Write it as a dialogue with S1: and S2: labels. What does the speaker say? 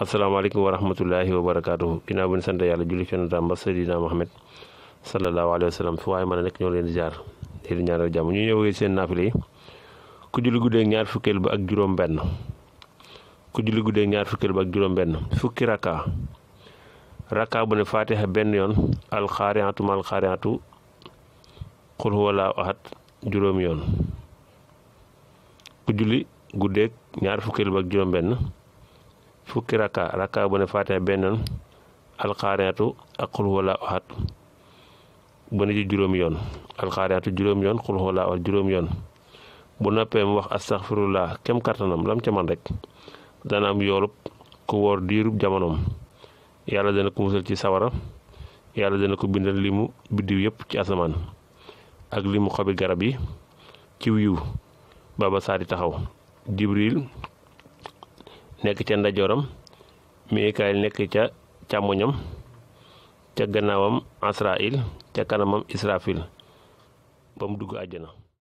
S1: asalaamaaleykum wa rahmatullahi wa barakaatuhu ginnaaw bu ñu sant yàlla julli ci yonent ba Seydina Muhammad sallallahu alayhi wa fi waaye mën a nekk ñoo leen di jaar leen ñaanal jàmm ñu ñëwee seen naafile yi ku julli guddee ñaar fukkeel ba ak juróom-benn ku julli guddee ak juróom fukki rakka rakka bu ne faatiha benn yoon alxaariatu ma alxaariatu xul huwalaahu juróom yoon ku julli guddeeg ñaar fukkeel ba ak juróom-benn. fukki rakka rakka bu ne faatiha benn yoon alxaariatu ak xul wala axat ne ci juróom yoon alxaariatu juróom yoon xul wala juróom yoon bu noppee mu wax astaxfirullah kem kattanam lam ca man rek dana am yoolub ku woor diirub jamonoom yàlla dana ko musal ci sawara yàlla dana ko bindal limu biddiw yépp ci asamaan ak limu xobi garab yi ci yiw baba saari taxaw jibril nekk ca ndajooram Mikaayil nekk ca càmmoñam ca gannaawam Asraayil ca kanamam Israfil ba mu dugg àjjana